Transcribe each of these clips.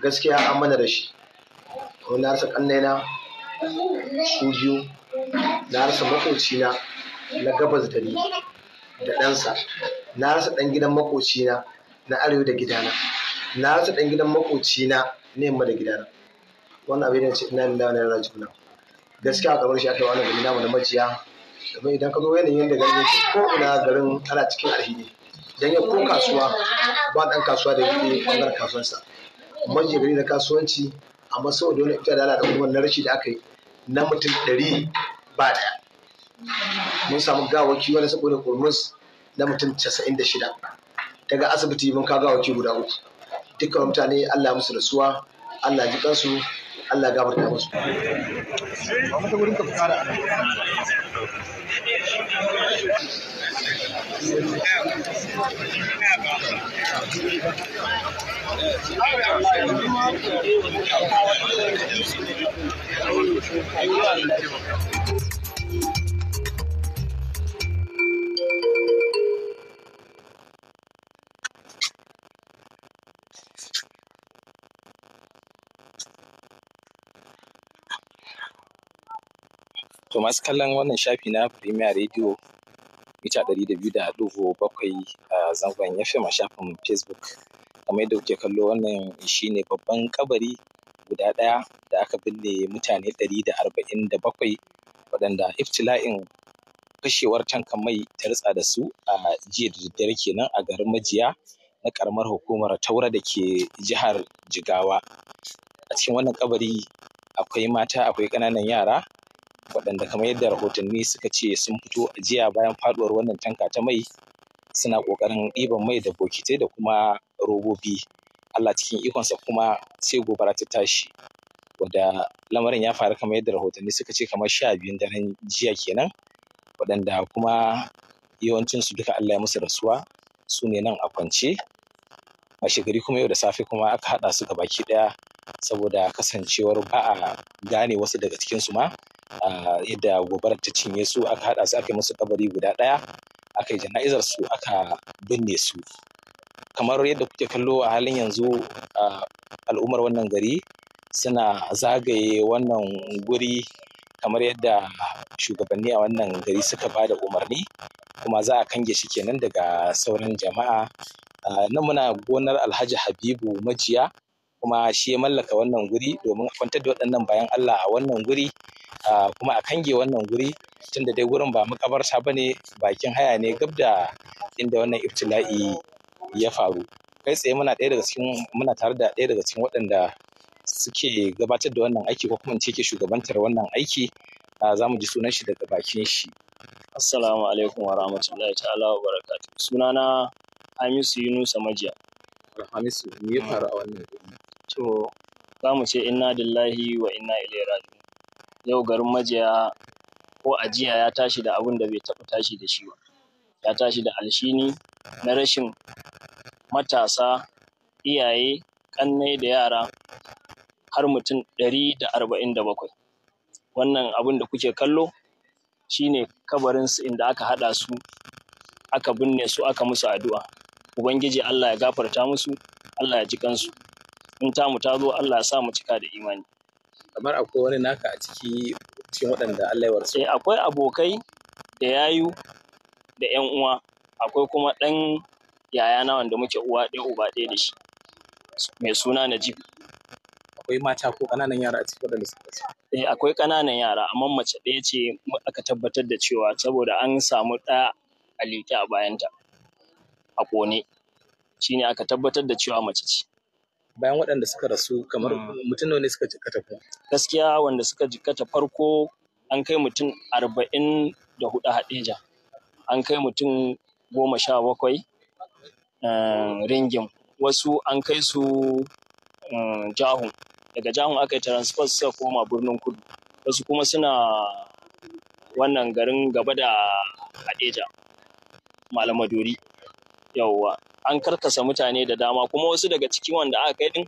gaskiya an mana da shi na rasa kannena su biyu na rasa makocina na gabas da ni da ɗansa na rasa ɗan gidan makocina na arewa da gidana na rasa ɗan gidan makocina na yamma da gidana wannan abin da ce ina da wani rana juna gaskiya kamar shi aka yi wannan gari namu na majiya domin idan ka zo yanayin da garin yake ko ina garin ana cikin alhini dan ya ko kasuwa ba ɗan kasuwa da yake ɓangaren kasuwansa majiya gari da kasuwanci amma saboda wani ita da ala da kuma na rashi da aka yi na mutum ɗari ba ɗaya mun samu gawaki wani saboda kurmus na mutum 96 daga asibiti mun ka gawaki guda uku dukkan mutane Allah musu rasuwa Allah ji kansu Allah gafarta musu Thank you. To masu kallon wannan shafi na Premier Radio mita ɗari da biyu da ɗigo bakwai a zangon FM ma shafin Facebook. Kamar yadda kuke kallo wannan shi ne babban kabari guda ɗaya da aka binne mutane ɗari da arba'in da bakwai waɗanda iftila'in fashewar tanka mai ta ritsa da su a jiya da daddare kenan a garin majiya na karamar hukumar taura da ke jihar jigawa a cikin wannan kabari akwai mata akwai ƙananan yara waɗanda kamar yadda rahotanni suka ce sun fito ajiya bayan faduwar wannan tanka ta mai suna ƙoƙarin ɗiban mai da bokitai da kuma robobi Allah cikin ikonsa kuma sai gobara ta tashi wadda lamarin ya faru kamar yadda rahotanni suka ce kamar sha biyun daren jiya kenan waɗanda kuma yawancinsu duka Allah ya musu rasuwa su ne nan a kwance gari kuma yau da safe kuma aka haɗa su gabaki ɗaya saboda kasancewar ba a gane wasu daga cikinsu ma yadda gobara ta cinye su aka haɗa su aka yi musu kabari guda ɗaya aka yi jana'izar su aka binne su kamar yadda kuke kallo a halin yanzu al'ummar wannan gari suna zagaye wannan guri kamar yadda shugabanni a wannan gari suka ba da umarni kuma za a kange shi kenan daga sauran jama'a nan muna gonar alhaji habibu majiya kuma shi ya mallaka wannan guri domin a kwantar da waɗannan bayan allah a wannan guri kuma a kange wannan guri tun da dai gurin ba makabarsa ba ne bakin haya ne gab da inda wannan iftila'i ya faru kai tsaye muna ɗaya daga cikin muna tare da ɗaya daga cikin waɗanda suke gabatar da wannan aiki ko kuma ce ke shugabantar wannan aiki za mu ji sunan shi daga bakin shi assalamu alaikum wa rahmatullahi ta'ala wa barakatuh sunana hamisu yunusa majiya hamisu me ya faru a wannan to za mu ce inna lillahi wa inna ilaihi raji'un yau garin majiya ko ajiya ya tashi da abin da bai taɓa tashi da shi ba ya tashi da alshini na rashin matasa iyaye ƙannai da yara har mutum ɗari da arba'in da bakwai wannan abin da kuke kallo shine kabarinsu inda aka haɗa su aka binne su aka musu addu'a ubangiji Allah ya gafarta musu Allah ya ji kansu in tamu ta zo Allah ya sa mu cika da imani kamar akwai wani naka a ciki cikin waɗanda Allah ya warsu. Eh, akwai abokai da yayu da ƴan uwa akwai kuma ɗan yaya na wanda muke uwa ɗaya uba ɗaya da shi mai suna Najib. Akwai mata ko ƙananan yara a cikin waɗanda suka ci. Eh akwai ƙananan yara amma mace ɗaya ce aka tabbatar da cewa saboda an samu ɗa a liƙe a bayanta a ƙone. shine aka tabbatar da cewa mace ce. bayan waɗanda suka rasu kamar mm. mutum ne suka jikata kuma gaskiya wanda suka ta farko an kai mutum arba'in da hudu hadeja an kai mutum goma sha bakwai eh, ringin wasu an kai su eh, jahun daga jahun aka yi transfer suka koma birnin kudu wasu kuma suna wannan garin gaba da hadeja malamadori yauwa an karkasa mutane da dama kuma wasu daga cikin wanda aka kai din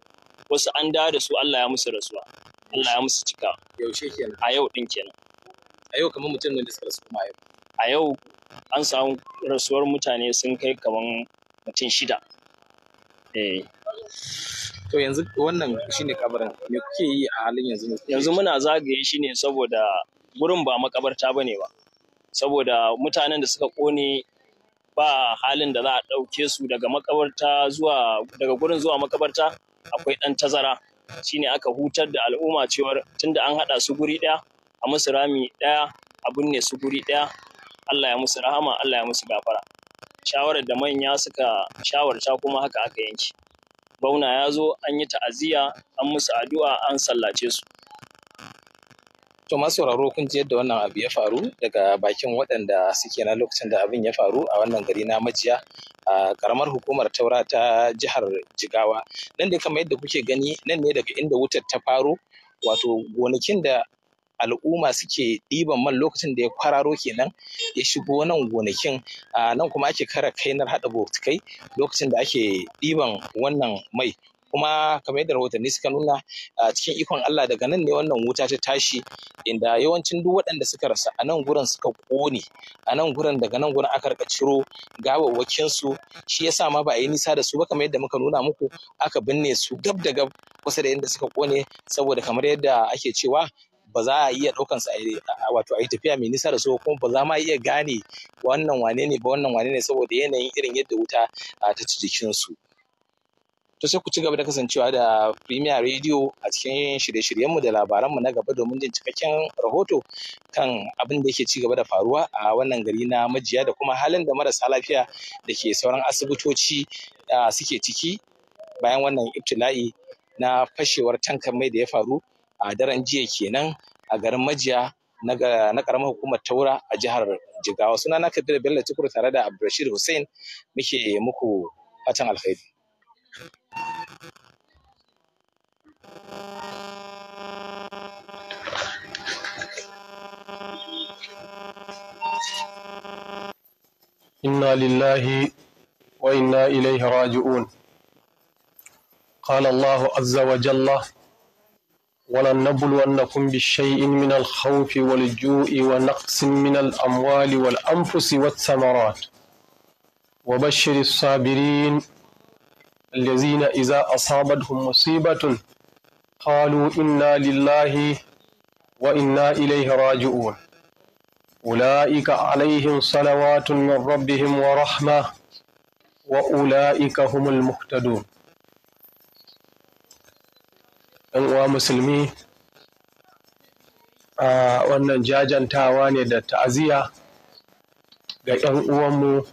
wasu an da da su Allah ya musu rasuwa Allah ya musu cika yaushe kenan a yau din kenan a yau kamar mutum da suka rasu kuma a yau a yau an samu rasuwar mutane sun kai kamar mutum shida eh to yanzu wannan shine kabarin me kuke yi a halin yanzu yanzu muna zagaye shi ne saboda gurin ba makabarta bane ba saboda mutanen da suka kone ba halin da za a ɗauke su daga makabarta zuwa daga gurin zuwa makabarta akwai ɗan tazara shine aka hutar da al'umma cewar tunda an haɗa su guri ɗaya a musu rami ɗaya a binne su guri ɗaya Allah ya musu rahama Allah ya musu gafara shawarar da manya suka shawarta kuma haka aka yanki Bauna ya zo an yi ta'aziyya an musu addu'a an sallace su To masu sauraro kun ji yadda wannan abu ya faru daga bakin waɗanda suke na lokacin da abin ya faru a wannan gari na majiya a karamar hukumar taura ta jihar Jigawa. Nan da kamar yadda kuke gani nan ne daga inda wutar ta faro wato gonakin da al'umma suke ɗiban man lokacin da ya kwararo kenan ya shigo nan gonakin nan kuma ake kara kainar haɗa botikai lokacin da ake ɗiban wannan mai kuma kamar yadda rahotanni suka nuna a cikin ikon Allah daga nan ne wannan wuta ta tashi inda yawancin duk waɗanda suka rasa a nan gurin suka ƙone a nan gurin daga nan gurin aka rika ciro gawawwakin su shi yasa ma ba a yi nisa da su ba kamar yadda muka nuna muku aka binne su gab da gab kusa da inda suka ƙone saboda kamar yadda ake cewa ba za a iya ɗaukan su wato a yi tafiya mai nisa da su kuma ba za ma iya gane wannan wane ne ba wannan wane ne saboda yanayin irin yadda wuta ta ci jikinsu. su to sai ku ci gaba da kasancewa da Premier Radio a cikin shirye-shiryenmu da labaranmu na gaba domin jin cikakken rahoto kan abin da yake ci gaba da faruwa a wannan gari na majiya da kuma halin da marasa lafiya da ke sauran asibitoci suke ciki bayan wannan ibtila'i na fashewar tankan mai da ya faru a daren jiya kenan a garin majiya na karamar hukumar taura a jihar jigawa suna na kabila bello tukur tare da abdulrashid Hussain muke muku fatan alkhairi إنا لله وإنا إليه راجعون قال الله عز وجل ولنبلونكم بالشيء من الخوف والجوع ونقص من الأموال والأنفس والثمرات وبشر الصابرين الذين إذا أصابتهم مصيبة قالوا إنا لله وإنا إليه راجعون أولئك عليهم صلوات من ربهم ورحمة وأولئك هم المهتدون ‘yan uwa musulmi a wannan jajantawa ne da ta'aziyya ga ‘yan uwanmu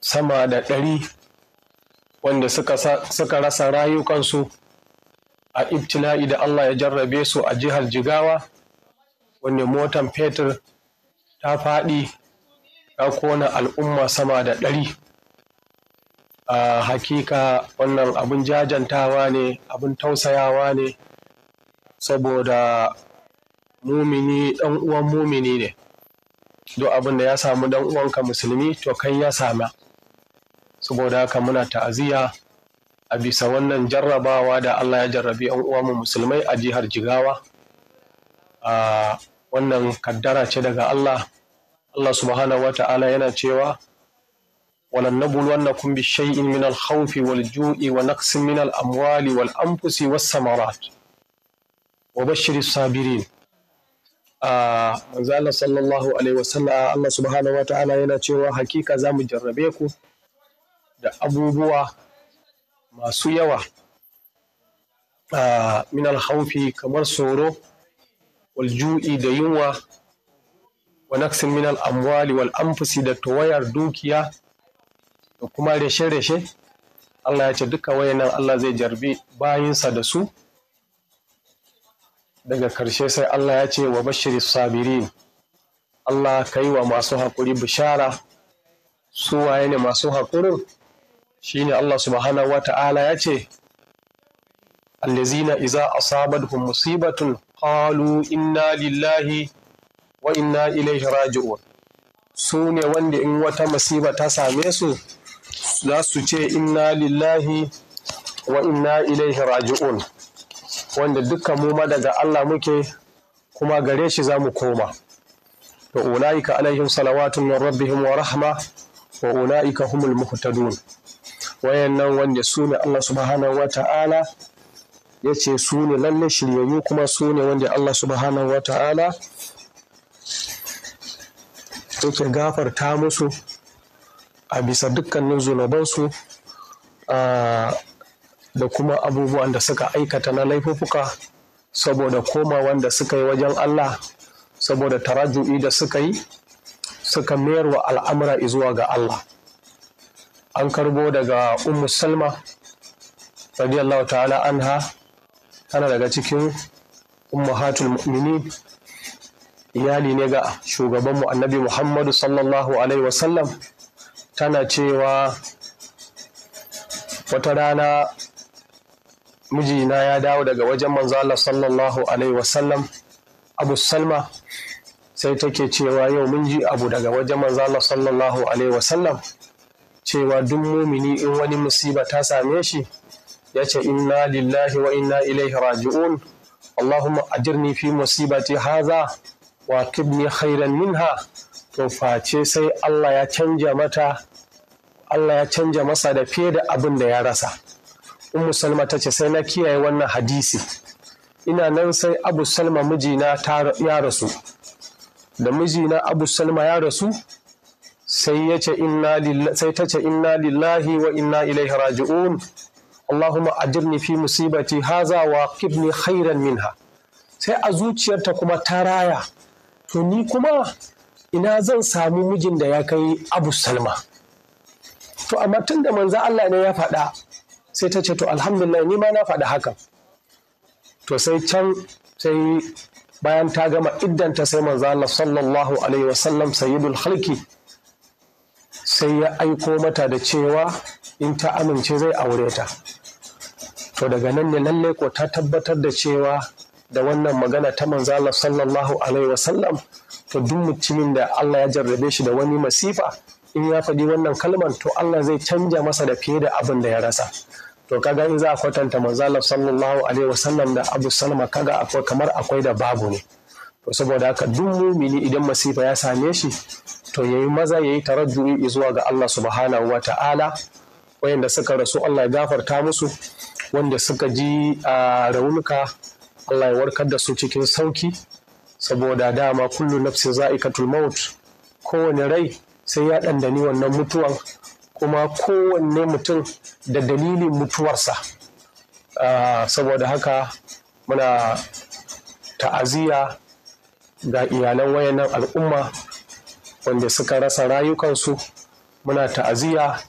sama da ɗari wanda suka rasa rayukansu a ibtila'i da Allah ya jarrabe su a jihar Jigawa wanne motan fetur ta faɗi ta kona al'umma sama da ɗari a hakika wannan abin jajantawa ne abin tausayawa ne saboda mumini ɗan uwan mumini ne duk abin da ya samu ɗan uwanka musulmi to kai ya sama saboda haka muna ta'aziyya a bisa wannan jarrabawa da Allah ya jarrabi ‘yan mu musulmai a jihar Jigawa. A wannan kaddara ce daga Allah, Allah subhanahu wata'ala yana cewa, ولن نبلونكم بشيء من الخوف والجوع ونقص من الأموال والأنفس والثمرات sabirin a manzo Allah sallallahu alaihi wasallam Allah subhanahu wataala yana cewa hakika za mu jarrabe ku da abubuwa masu yawa a minal haufi kamar tsoro walju'i da yunwa wa naksin minal amwali wal amfusi da tawayar dukiya da kuma reshe-reshe Allah ya ce duka wayannan Allah zai jarbi bayinsa da su daga karshe sai Allah ya ce wa bashirin sabirin Allah ka yi wa masu haƙuri bishara su waye ne masu haƙurin shine Allah subhanahu wata'ala ya ce allazina iza asabathum musibatun qalu inna lillahi wa inna ilaihi raji'un su ne wanda in wata musiba ta same su za su ce inna lillahi wa inna ilaihi raji'un wanda dukkan muma daga Allah muke kuma gare shi za mu koma to ulaika alaihim salawatun min rabbihim wa rahma wa ulaika humul muhtadun wayannan wanda su ne Allah subhanahu wa ta'ala ya ce su ne lalle shiryayyu kuma su ne wanda Allah subhanahu wa ta'ala yake gafarta musu a bisa dukkanin zunubansu da kuma abubuwan da suka aikata na laifuka saboda koma wanda suka yi wajen Allah saboda taraju'i da suka yi suka mayar wa al'amura zuwa ga Allah an karbo daga ummu salma radiyallahu ta'ala anha tana daga cikin ummahatul mu'minin iyali ne ga shugabanmu annabi muhammadu sallallahu alaihi wasallam tana cewa wata rana mijina ya dawo daga wajen manzala sallallahu alaihi wasallam abu salma sai take cewa yau mun ji abu daga wajen manzala sallallahu alaihi wasallam cewa duk mumini in wani musiba ta same shi ya ce inna lillahi wa inna ilaihi raji'un allahumma ajirni fi musibati haza wa hairan khairan minha to face sai Allah ya canja mata Allah ya canja masa da fiye da abin da ya rasa in salma ta ce sai na kiyaye wannan hadisi ina nan sai abu salma mijina ya rasu da mijina abu salma ya rasu sai ya ce sai ta inna lillahi wa inna ilaihi raji'un Allahumma ajirni fi musibati haza wa hairan khairan minha sai a zuciyarta kuma ta raya to ni kuma ina zan samu mijin da ya kai Abu Salma to amma tun da manzo Allah ne ya faɗa sai ta ce to alhamdulillah ni ma na faɗa hakan to sai can sai bayan ta gama iddanta sai manzo Allah sallallahu alaihi wasallam sayyidul khalqi sai ya aiko mata da cewa in ta amince zai aure ta to daga nan ne lalle ko ta tabbatar da cewa da wannan magana ta manzala sallallahu alaihi wasallam to duk mutumin da Allah ya jarrabe shi da wani masifa in ya faɗi wannan kalman to Allah zai canja masa da fiye da abin da ya rasa to kaga in za a kwatanta manzala sallallahu alaihi wasallam da Abu Salma kaga akwai kamar akwai da babu ne to saboda haka duk mumini idan masifa ya same shi to yayi maza yayi tarajjuri zuwa ga Allah subhanahu wa ta'ala wayanda suka rasu Allah ya gafarta musu wanda suka ji a raunuka Allah ya warkar da su cikin sauki saboda dama kullu nafsin za'ikatul maut kowane rai sai ya ɗandani wannan mutuwan kuma kowanne mutum da dalilin mutuwarsa saboda haka muna ta'aziyya ga iyalan wayannan al'umma wanda suka rasa rayukansu muna ta'aziyya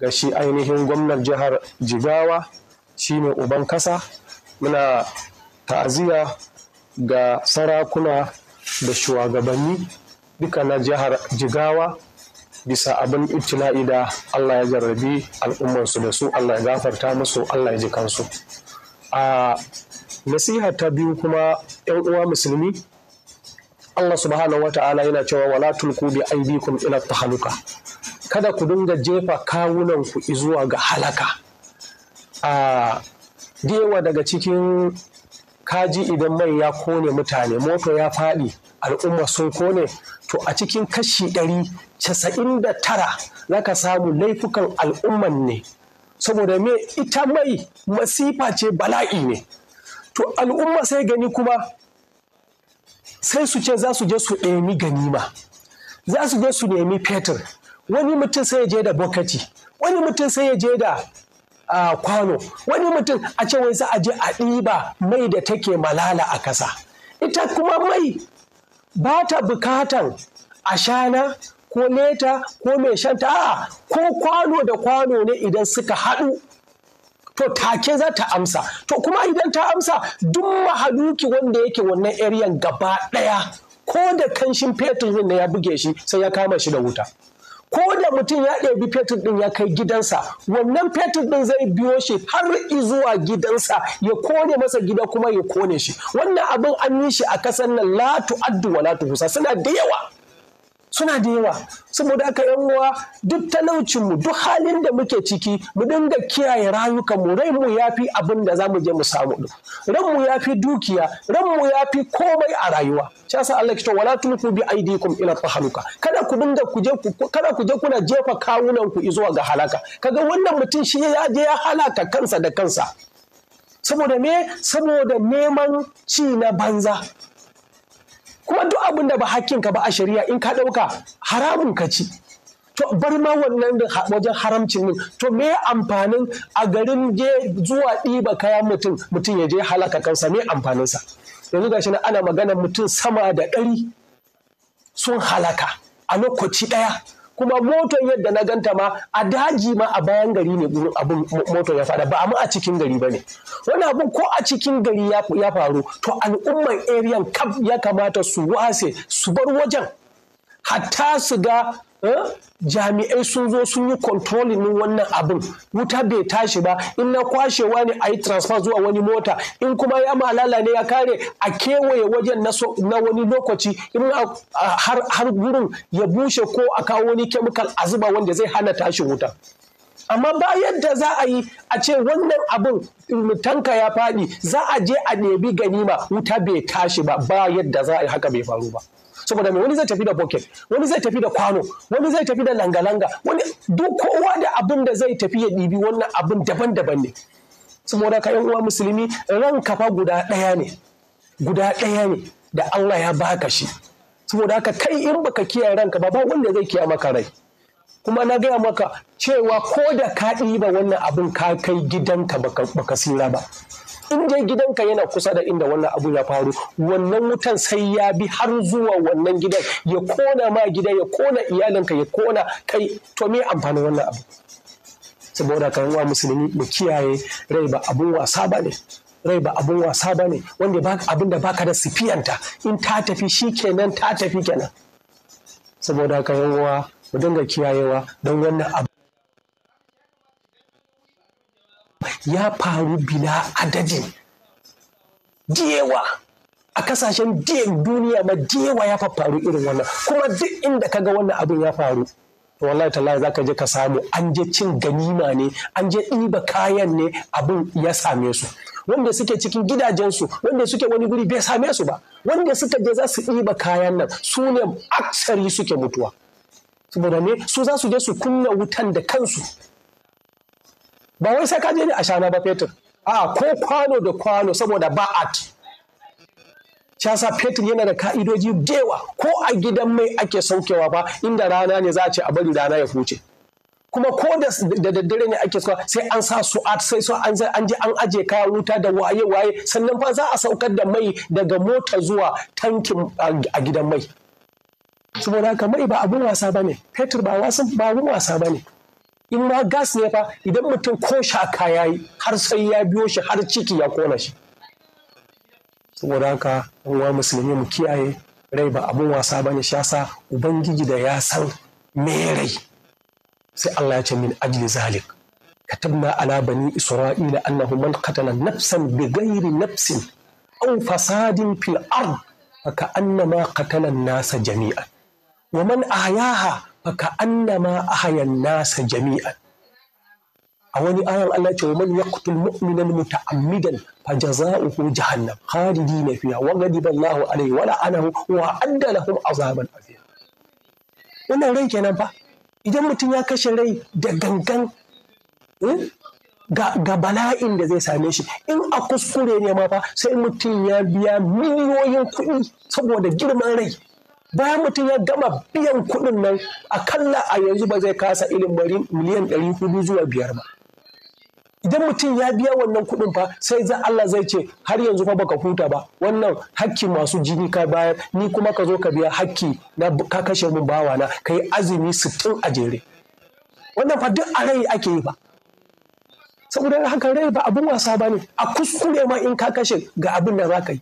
ga shi ainihin gwamnan jihar jigawa shine uban kasa muna ta'aziyya ga sarakuna da shugabanni duka na jihar jigawa bisa abin ibtila'i da Allah ya jarrabi al'ummarsu da su Allah ya gafarta musu Allah ya ji kansu a nasiha ta biyu kuma 'yan uwa musulmi Allah subhanahu wata'ala yana cewa wala tulku bi aydikum ila tahaluka kada ku dinga jefa kawunan ku zuwa ga halaka a dewa daga cikin kaji idan mai ya kone mutane moto ya faɗi al'umma sun kone to a cikin kashi ɗari casa'in da tara za samu laifukan al'umman ne saboda me ita mai masifa ce bala'i ne to al'umma sai gani kuma sai su ce za su je su nemi ganima za su je su nemi fetur wani mutum sai ya je da bokati wani mutum sai ya je da kwano wani mutum a ce wai za a je a ɗiba mai da take malala a ƙasa ita kuma mai ba ta bukatan ashana ko leta ko mai shanta a'a ko kwano da kwano ne idan suka haɗu to take za ta amsa to kuma idan ta amsa duk mahaduki wanda yake wannan area gaba ɗaya ko da kanshin fetur ɗin ya buge shi sai ya kama shi da wuta ko da mutum ya ɗebi fetur ɗin ya kai gidansa wannan fetur ɗin zai biyo shi har zuwa gidansa ya kone masa gida kuma ya kone shi wannan abin an yi shi a kasar nan Latu, Addu, wa husa suna da yawa suna da yawa saboda aka yan uwa duk talaucin mu duk halin da muke ciki mu dinga kiyaye rayukanmu rai ya fi abin da za mu je mu samu din ran ya fi dukiya ranmu ya fi komai a rayuwa shi sa Allah ke wala tulku bi aidikum ila tahaluka kada ku dinga ku je ku kada ku je kuna jefa kawunan ku zuwa ga halaka kaga wannan mutum shi ya je ya halaka kansa da kansa saboda me saboda neman ci na banza kuma duk abin da ba ka ba a shari'a in ka ɗauka haramun ka ci to bar ma wannan wajen haramcin nan to me amfanin a garin je zuwa ɗiba kayan mutum mutum ya je halaka kansa me amfaninsa yanzu gashi na ana magana mutum sama da ɗari sun halaka a lokaci ɗaya kuma motar yadda na ganta ma a daji ma a bayan gari ne abin motar ya fada ba amma a cikin gari ba ne wani abin ko a cikin gari ya faru to al'umman eriyan kaf ya kamata su wase su bar wajen hatta su ga eh, jami'ai sun zo sun yi controlling din wannan abin wuta bai tashi ba in na kwashewa ne a yi transfer zuwa wani mota in kuma ya malala ne ya kare a kewaye wajen na wani lokaci in har gurin ya bushe ko a kawo wani chemical a zuba wanda zai hana tashi wuta amma ba yadda za a yi a ce wannan abin mm, tanka ya faɗi za a je a nemi ganima wuta bai tashi ba ba yadda za a yi haka bai faru ba saboda mai wani zai tafi da boket? wani zai tafi da kwano wani zai tafi da langa-langa wani duk kowa da abin da zai tafi ya ɗibi wannan abin daban-daban ne saboda ka uwa musulmi ran kafa guda ɗaya ne guda ɗaya ne da Allah ya baka shi saboda haka kai in baka kiyaye ranka ba ba wanda zai kiyaye maka rai kuma na gaya maka cewa ko da ka ɗiba wannan abin ka kai gidanka baka sira ba in dai gidanka yana kusa da inda wannan abu ya faru wannan wutan sai ya bi har zuwa wannan gidan ya kona ma gida ya kona iyalinka ya kona kai to me amfanin wannan abu saboda kan wa musulmi mu kiyaye rai ba abun wasa ba ne rai ba abun wasa ba ne wanda abin da baka da sifiyanta in ta tafi shikenan ta tafi kenan saboda kan wa mu dinga kiyayewa don wannan abu ya faru bila adadin diyewa a kasashen diyan duniya ma diyewa ya faru irin wannan kuma duk inda kaga wannan abin ya faru to wallahi tallahi zaka je ka samu an je cin ganima ne an je ɗiba kayan ne abin ya same su wanda suke cikin gidajensu wanda suke wani guri bai same su ba wanda suka je za su ɗiba kayan nan su ne aksari suke mutuwa saboda ne su za su je su kunna wutan da kansu ba wai sai ka je ni a shana ba fetur a ko kwano da kwano saboda ba'at shasa fetur yana da ka'idoji dewa ko a gidan mai ake saukewa ba inda rana ne za a ce a bari rana ya huce kuma ko da daddare ne ake sauka sai an sa su'at sai so an an je an aje kaya wuta da waye waye sannan fa za a saukar da mai daga mota zuwa tankin a gidan mai saboda mai ba abun wasa ba ne fetur ba abun wasa ba ne in ma gas ne ba idan mutum ko shaka ya yi har sai ya biyo shi har ciki ya kona shi saboda haka wa musulmi mu kiyaye rai ba abun wasa ba ne shasa ubangiji da ya san me rai sai Allah ya ce min ajli zalik katabna ala bani isra'ila annahu man qatala nafsan bighairi nafsin aw fasadin fil ard فكأنما قتل الناس nasa jami'an wa man hayaha, baka ka a hayan nasa jami'an a wani ayan Allah ce wa man yaqtul mu'minan muta'ammidan fa jazaohu jahannam khalidina fiha wa ghadiba Allahu alayhi wa la'anahu wa adda lahum azaban azim wannan rai kenan fa idan mutum ya kashe rai da gangan eh, ga bala'in da zai same shi in a kuskure ne ma fa sai mutum ya biya miliyoyin kuɗi saboda girman rai bayan mutum ya gama biyan kuɗin nan a akalla a yanzu ba zai kasa bari miliyan ɗari hudu zuwa biyar ba idan mutum ya biya wannan kuɗin fa sai za Allah zai ce har yanzu fa baka huta ba wannan hakki masu jini ka bayar ni kuma ka zo ka biya hakki na ka kashe min bawa na kai azumi sittin a jere wannan fa duk a rai ake yi ba saboda hakan rai ba abin wasa ba ne a kuskure ma in ka kashe ga abin da za ka yi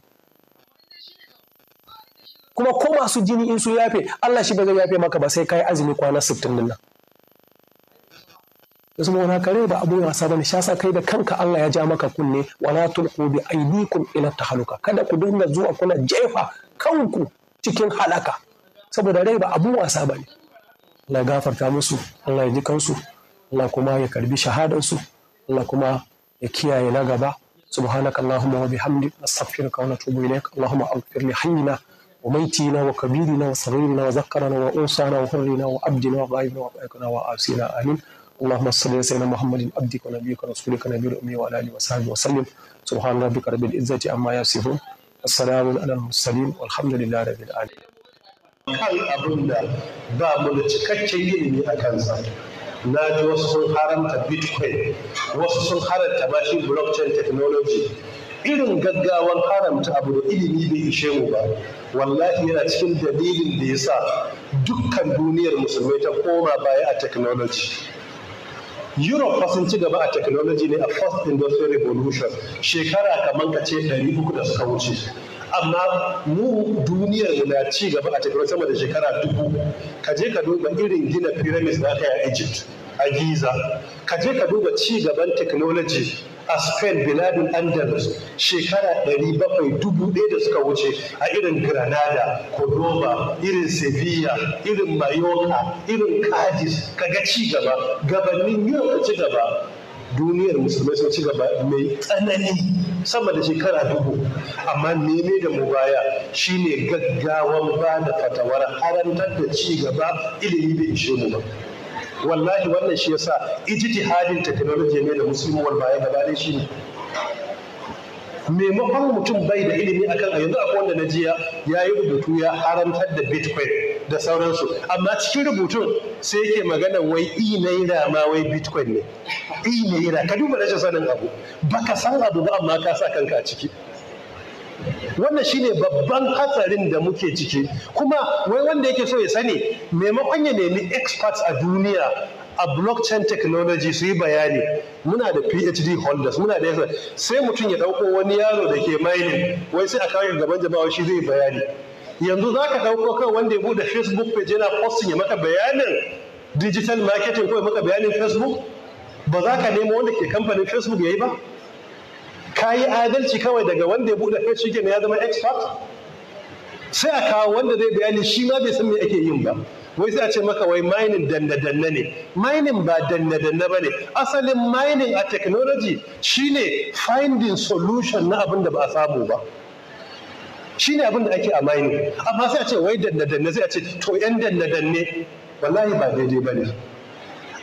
kuma ko masu jini in su yafe Allah shi ba zai yafe maka ba sai kai azumi kwana 60 din nan yasu wani kare ba abu wasa bane shasa kai da kanka Allah ya ja maka kunne wala tulqu bi aydikum ila tahaluka kada ku dinga zuwa kuna jefa kanku cikin halaka saboda rai ba abun wasa bane Allah ya gafarta musu Allah ya ji kansu Allah kuma ya karbi shahadansu Allah kuma ya kiyaye na gaba subhanakallahumma wa bihamdika astaghfiruka wa atubu ilaik allahumma aghfir li hayyina وميتنا وكبيرنا وصغيرنا وذكرنا وأنصانا وحرنا وعبدنا وغائبنا وضعفنا وآسينا آمين اللهم صل على سيدنا محمد عبدك ونبيك ورسولك نبي الأمي وعلى آله وصحبه وسلم سبحان ربك رب العزة عما يصفون السلام على المرسلين والحمد لله رب العالمين kan abin da ba mu da cikakken ilimi a kansa na ji wasu sun haramta bitcoin wasu sun haramta mashin blockchain technology irin gaggawan haramta abu da ilimi bai ishe mu ba wallahi yana cikin dalilin da ya sa dukkan duniyar musulmai ta koma baya a technology Europe ba sun ci gaba a technology ne a first industrial revolution shekara kamar ka ce 300 da suka wuce amma mu duniyar na ci gaba a technology sama da shekara dubu ka je ka duba irin gina pyramids da aka yi a Egypt a Giza ka je ka duba ci gaban technology a Spain biladun Andalus shekara dubu ɗaya da suka wuce a irin Granada, Cordoba, irin Sevilla, irin Mallorca, irin Cadiz kaga ci gaba gabanin yau ci gaba duniyar musulmai sun ci gaba mai tsanani sama da shekara dubu amma neme da mu baya shine gaggawan ba da fatawar harantar da ci gaba ilimi bai ishe mu ba wallahi wannan shi yasa ijtihadin technology ne da musulmi wal baya gaba ɗaya shine maimakon mutum bai da ilimi akan a yanzu akwai wanda na jiya ya yi rubutu ya haramtar da bitcoin da sauransu amma cikin rubutun sai yake magana wai i naira ma wai bitcoin ne i naira ka duba rashin sanin abu baka san abu ba amma ka sa kanka a ciki wannan shine babban hatsarin da muke ciki kuma wai wanda yake so ya sani maimakon ya nemi experts a duniya a blockchain technology su yi bayani muna da phd holders muna da sai mutum ya dauko wani yaro da ke mining wai sai a kawo gaban jama'a shi zai bayani yanzu za ka dauko kan wanda ya bude facebook page yana posting ya maka bayanin digital marketing ko ya maka bayanin facebook ba za ka nemo wanda ke kamfanin facebook ya yi ba ka yi adalci kawai daga wanda ya buɗe kai shi ya zama expert sai a kawo wanda zai bayani shi ma bai san me ake yin ba wai sai a ce maka wai mining danna danna ne mining ba danna danna bane asalin mining a technology shine finding solution na abin da ba a samu ba shine abin da ake a mining amma sai a ce wai danna danna sai a ce to yan danna danne wallahi ba daidai bane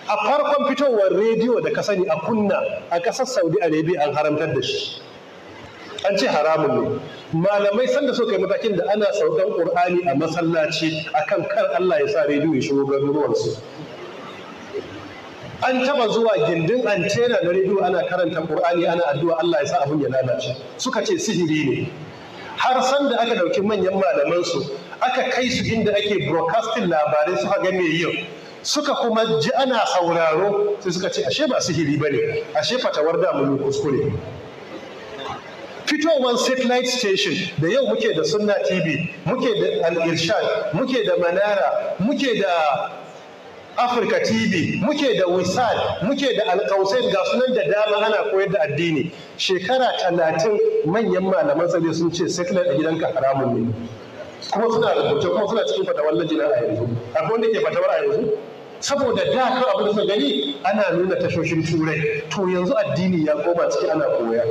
a farkon fitowar rediyo da ka sani a kunna a ƙasar saudi arabia an haramtar da shi an ce haramun ne malamai sanda suka yi matakin da ana saukan ƙur'ani a masallaci akan kar allah ya sa rediyo ya shigo garuruwansu an taba zuwa gindin antena na rediyo ana karanta ƙur'ani ana addu'a allah ya sa abun ya lalace suka ce sihiri ne har sanda aka ɗauki manyan malamansu aka kai su inda ake broadcasting labarai suka ga me yau suka kuma ji ana sauraro sai suka ce ashe ba sihiri bane ashe fatawar da mun kuskure fitowar satellite station da yau muke da sunna tv muke da al-irshad muke da manara muke da Afirka TV muke da Wisal muke da Alƙausain ga sunan da dama ana koyar da addini shekara talatin manyan malaman tsare sun ce secular a gidanka haramun ne kuma suna rubuce kuma suna cikin fatawar lajina a yanzu akwai wanda ke fatawar a yanzu saboda da kan abin da gani ana nuna tashoshin turai to yanzu addini ya koma ciki ana koya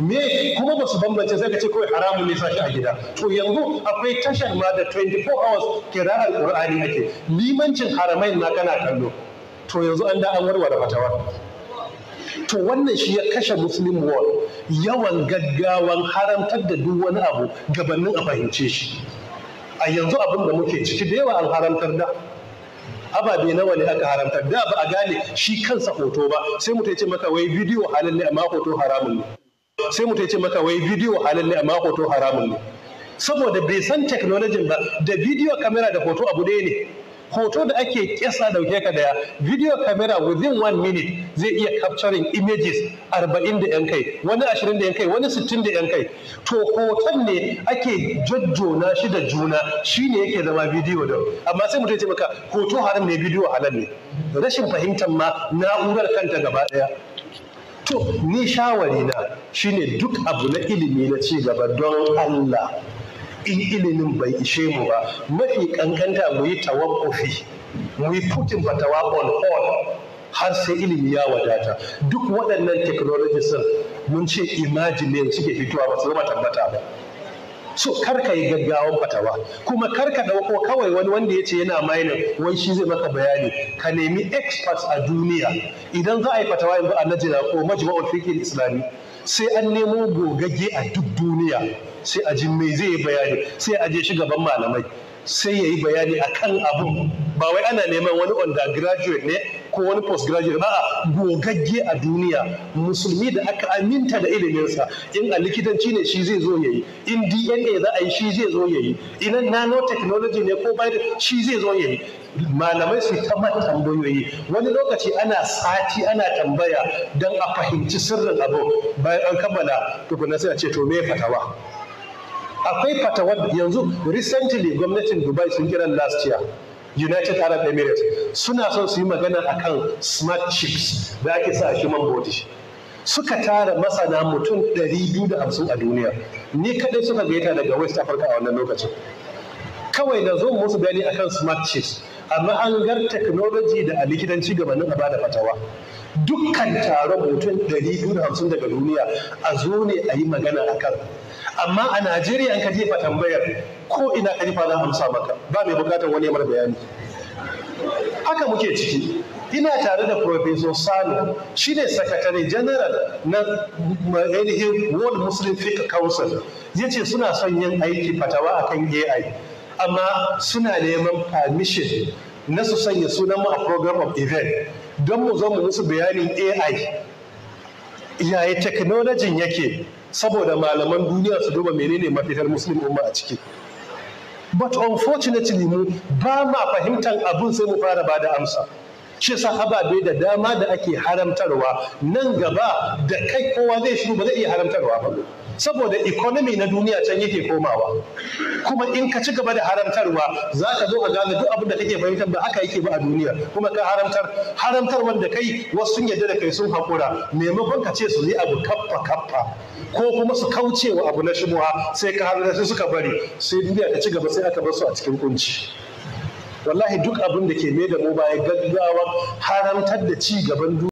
me kuma ba su bambance sai ka ce kawai haramun ne sashi a gida to yanzu akwai tashar ma da 24 hours kira'ar qur'ani ake limancin haramain ma kana kallo to yanzu an da an warware fatawa to wannan shi ya kashe muslim world yawan gaggawan haramtar da duk wani abu gabanin a fahimce shi a yanzu abin da muke ciki da yawa an haramtar da ababe nawa ne aka haramta da ba a gane shi kansa hoto ba sai mutum ya ce maka wai bidiyo halin ne amma hoto haramun ne sai mutum ce maka wai bidiyo halal ne amma hoto haramun ne saboda bai san technology ba da bidiyo kamera da hoto abu ɗaya ne hoto da ake kesa dauke ka daya video camera within one minute zai iya capturing images 40 da yan kai wani 20 da yan kai wani 60 da yan kai to hoton ne ake jojjona shi da juna shine yake zama video da amma sai mutum ya ce maka hoto haram ne video halal ne rashin fahimtar ma na'urar kanta gaba daya to ni shawari na shine duk abu na ilimi na ci gaba don Allah in ilimin bai ishe mu ba mafi kankanta mu yi tawakofi mu yi putin fatawa on all, har sai ilimi ya wadata duk waɗannan technologies mun ce imagine suke fitowa ba su zama tabbata ba so kar ka yi gaggawan fatawa kuma kar ka dauko kawai wani wanda ya ce yana mining wai shi zai maka bayani ka nemi experts a duniya idan za a yi fatawa yanzu a najira ko majma'ul fiqh islami sai an nemo gogagge a duk duniya sai a ji me zai yi bayani sai a je shi gaban malamai sai ya yi bayani a kan abu ba wai ana neman wani undergraduate ne ko wani postgraduate ba a gogagge a duniya musulmi da aka aminta da iliminsa in a likitanci ne shi zai zo ya in dna za a yi shi zai zo ya yi in nanotechnology ne ko bai shi zai zo yayi malamai su ta tambayoyi wani lokaci ana sati ana tambaya don a fahimci sirrin abu bayan an kammala tukuna sai a ce to me fatawa akwai fatawar yanzu recently gwamnatin dubai sun kira last year united arab emirates suna son su yi magana akan smart chips da ake sa a human body suka tara masana mutum 250 a duniya ni kadai suka gaita daga west africa a wannan lokacin kawai da zo musu bayani akan smart chips amma an gar technology da a likitanci gabanin a bada fatawa dukkan taron mutum 250 daga duniya a zo ne a yi magana akan amma a Najeriya in ka jefa tambayar ko ina ka jefa za a amsa maka ba mai bukatar wani mara bayani haka muke ciki ina tare da Professor Sano shine Sakatare General na ainihin World Muslim Fiqh Council Ya ce suna son yin aiki fatawa akan AI amma suna neman permission na su sanya sunan mu a program of event don mu zo mu musu bayanin AI yaya technology yake saboda malaman duniya su duba menene mafitar muslim umma a ciki but unfortunately mu ba ma fahimtar abin sai mu fara ba da amsa shi sa ababe da dama da ake haramtarwa nan gaba da kai kowa zai shiru ba zai iya haramtarwa ba saboda economy na duniya can yake komawa kuma in ka ci gaba da haramtarwa za ka zo ka gane duk abin da kake fahimtar ba haka yake ba a duniya kuma ka haramtar haramtar wanda kai wasu sun yarda da kai sun haƙura maimakon ka ce su yi abu kaffa kaffa ko kuma su kauce wa abu na shimuwa sai ka haramtar sai suka bari sai duniya ta ci gaba sai aka bar su a cikin kunci wallahi duk abin ke mai da mu baya gaggawa haramtar da ci gaban duniya